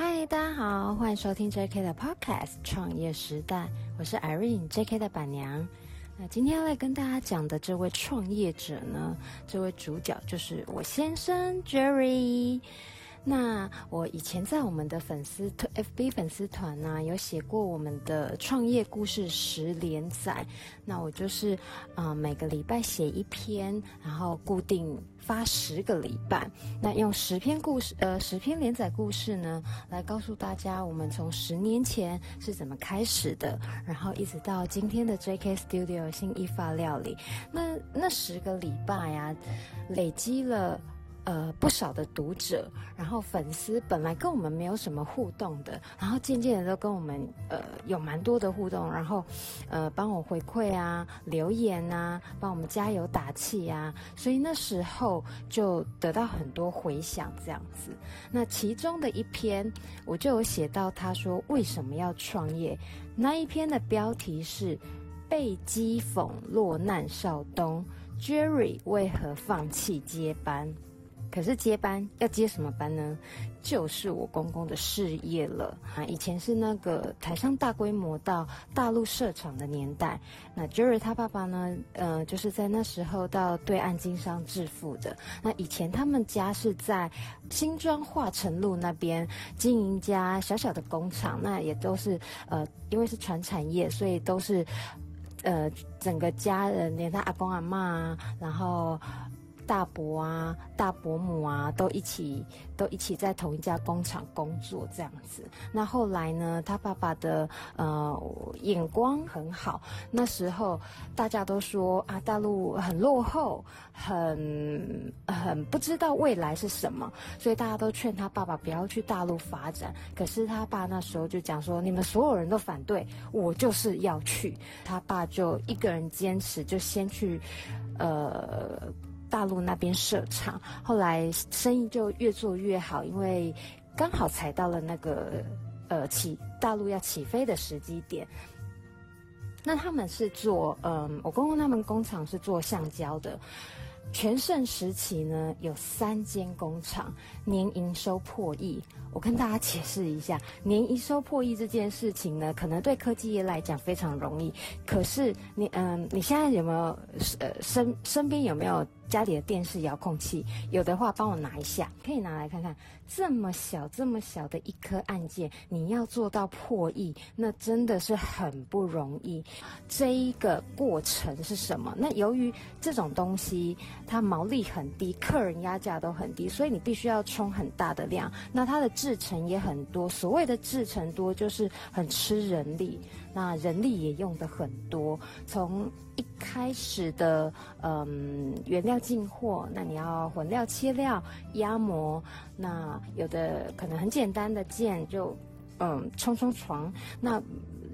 嗨，Hi, 大家好，歡迎收聽 JK 的 Podcast《創業時代》，我是 Irene，JK 的闆娘。那今天要來跟大家講的這位創業者呢，這位主角就是我先生 Jerry。那我以前在我們的粉絲特 FB 粉絲團呢、啊，有寫過我們的創業故事十連載，那我就是，啊、呃、每個禮拜寫一篇，然後固定發十個禮拜，那用十篇故事，呃十篇連載故事呢，來告訴大家我們從十年前是怎麼開始的，然後一直到今天的 JK Studio 新義法料理，那那十個禮拜呀、啊，累積了。呃，不少的讀者，然後粉絲本來跟我們沒有什麼互動的，然後漸漸的都跟我們，呃，有蠻多的互動，然後呃，幫我回饋啊，留言啊，幫我們加油打氣啊，所以那時候就得到很多回響，這樣子。那其中的一篇，我就有寫到，他說為什麼要創業？那一篇的標題是《被譏諷落難少東 Jerry 為何放棄接班》。可是接班要接什麼班呢？就是我公公的事業了啊！以前是那個台商大規模到大陸設廠的年代，那 Jerry 他爸爸呢，呃，就是在那時候到對岸經商致富的。那以前他們家是在新莊化成路那邊經營家小小的工廠，那也都是呃，因為是傳產業，所以都是呃，整個家人連他阿公阿嬤，然後。大伯啊，大伯母啊，都一起都一起在同一家工廠工作，這樣子。那後來呢，他爸爸的呃眼光很好。那時候大家都說啊，大陸很落後，很很不知道未來是什麼，所以大家都勸他爸爸不要去大陸發展。可是他爸那時候就講說：“你們所有人都反對，我就是要去。”他爸就一個人堅持，就先去，呃。大陸那邊設廠，後來生意就越做越好，因為剛好踩到了那個呃起大陸要起飛的時機點。那他們是做，嗯，我公公他們工廠是做橡膠的。全盛時期呢，有三間工廠，年營收破億。我跟大家解釋一下，年營收破億這件事情呢，可能對科技業來講非常容易。可是你，嗯，你現在有沒有，呃，身身邊有沒有？家裡的電視遙控器有的話，幫我拿一下，可以拿來看看。這麼小、這麼小的一顆按鍵，你要做到破億，那真的是很不容易。這一個過程是什麼？那由於這種東西它毛利很低，客人壓價都很低，所以你必須要衝很大的量。那它的製程也很多，所謂的製程多就是很吃人力，那人力也用的很多。從一開始的嗯、呃、原料。進貨，那你要混料、切料、壓模，那有的可能很簡單的件就，嗯，衝衝床。那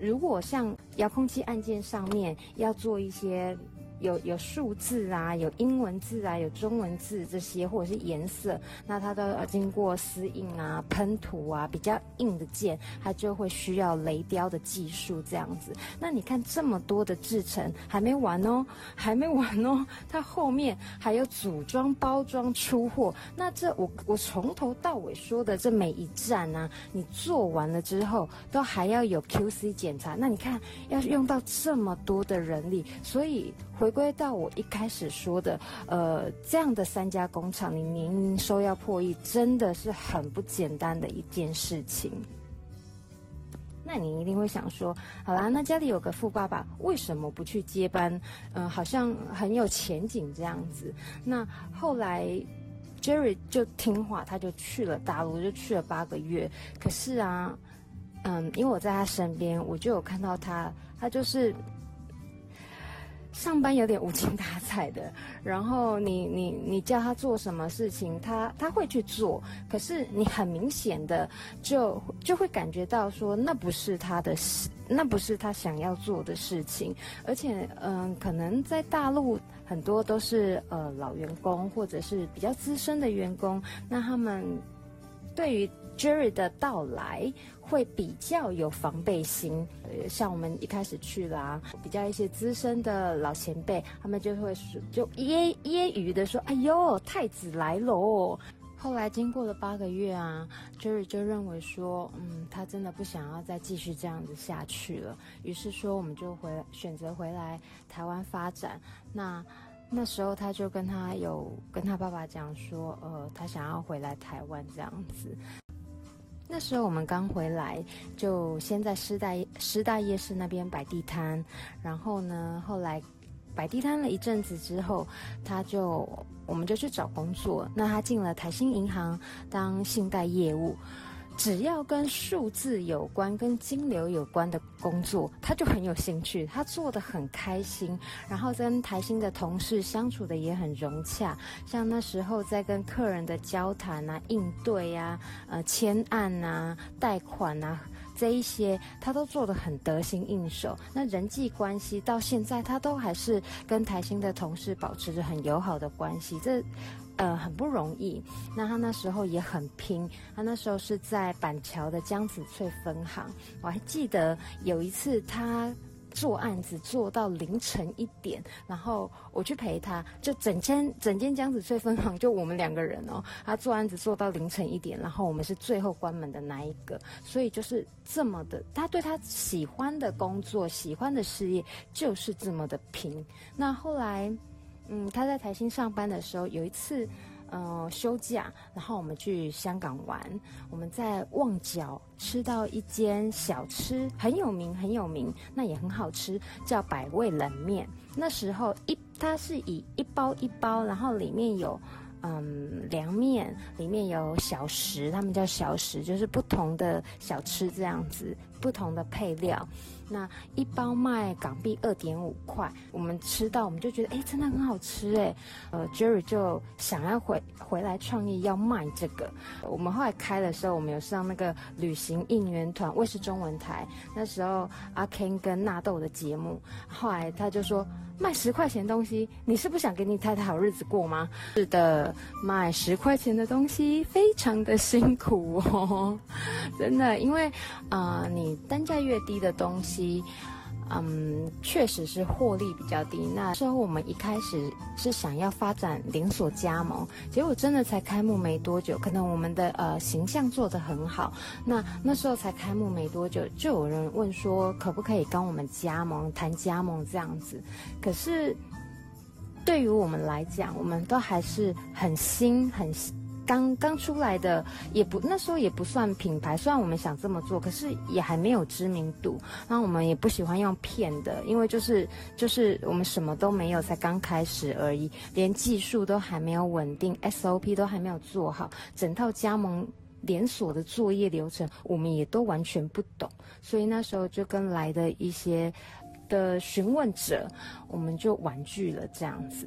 如果像遙控器按鍵上面要做一些。有有數字啊，有英文字啊，有中文字這些，或者是顏色，那它都要經過絲印啊、噴塗啊，比較硬的件，它就會需要鐳雕的技術這樣子。那你看這麼多的製程還沒完哦，還沒完哦，它後面還有組裝、包裝、出貨。那這我我從頭到尾說的這每一站呢、啊，你做完了之後，都還要有 QC 檢查。那你看要用到這麼多的人力，所以回。歸到我一開始說的，呃，這樣的三家工廠，你年收要破億，真的是很不簡單的一件事情。那你一定會想說，好啦，那家裡有個富爸爸，為什麼不去接班？嗯、呃，好像很有前景這樣子。那後來，Jerry 就聽話，他就去了大陸，就去了八個月。可是啊，嗯，因為我在他身邊，我就有看到他，他就是。上班有點無精打采的，然後你你你叫他做什麼事情，他他會去做，可是你很明顯的就就會感覺到說，那不是他的事，那不是他想要做的事情，而且嗯，可能在大陸很多都是呃老員工或者是比較資深的員工，那他們對於。Jerry 的到來會比較有防備心，呃，像我們一開始去啦、啊，比較一些資深的老前輩，他們就會說，就揶揶揄的說：“哎呦，太子來嘍、哦！”後來經過了八個月啊，Jerry 就認為說：“嗯，他真的不想要再繼續這樣子下去了。”於是說，我們就回選擇回來台灣發展。那那時候他就跟他有跟他爸爸講說：“呃，他想要回來台灣這樣子。”那時候我們剛回來，就先在師大師大夜市那邊擺地攤，然後呢，後來擺地攤了一陣子之後，他就我們就去找工作。那他進了台新銀行當信貸業務。只要跟數字有關、跟金流有關的工作，他就很有興趣，他做得很開心。然後跟台新的同事相處得也很融洽，像那時候在跟客人的交談啊、應對啊、呃簽案啊、貸款啊這一些，他都做得很得心應手。那人際關係到現在，他都還是跟台新的同事保持着很友好的關係。這。呃，很不容易。那他那時候也很拼。他那時候是在板橋的江子翠分行。我還記得有一次，他做案子做到凌晨一點，然後我去陪他，就整間整間江子翠分行就我們兩個人哦。他做案子做到凌晨一點，然後我們是最後關門的那一個，所以就是這麼的。他對他喜歡的工作、喜歡的事業，就是這麼的拼。那後來。嗯，他在台新上班的時候，有一次，呃，休假，然後我們去香港玩。我們在旺角吃到一間小吃，很有名，很有名，那也很好吃，叫百味冷麵。那時候一，它是以一包一包，然後裡面有。嗯，涼麵裡面有小食，他們叫小食，就是不同的小吃這樣子，不同的配料。那一包賣港幣二點五塊，我們吃到我們就覺得，哎、欸，真的很好吃哎。呃，Jerry 就想要回回來創業要賣這個。我們後來開的時候，我們有上那個旅行應援團衛視中文台，那時候阿 Ken 跟納豆的節目。後來他就說。賣十塊錢東西，你是不想給你太太好日子過嗎？是的，賣十塊錢的東西非常的辛苦哦，呵呵真的，因為啊、呃，你單價越低的東西。嗯，確實是獲利比較低。那時候我們一開始是想要發展連鎖加盟，結果真的才開幕沒多久，可能我們的呃形象做得很好，那那時候才開幕沒多久，就有人問說可不可以跟我們加盟，談加盟這樣子。可是對於我們來講，我們都還是很新，很新。剛剛出來的也不，那時候也不算品牌，雖然我們想這麼做，可是也還沒有知名度。那、啊、我們也不喜歡用騙的，因為就是就是我們什麼都沒有，才剛開始而已，連技術都還沒有穩定，SOP 都還沒有做好，整套加盟連鎖的作業流程我們也都完全不懂，所以那時候就跟來的一些的詢問者，我們就婉拒了這樣子。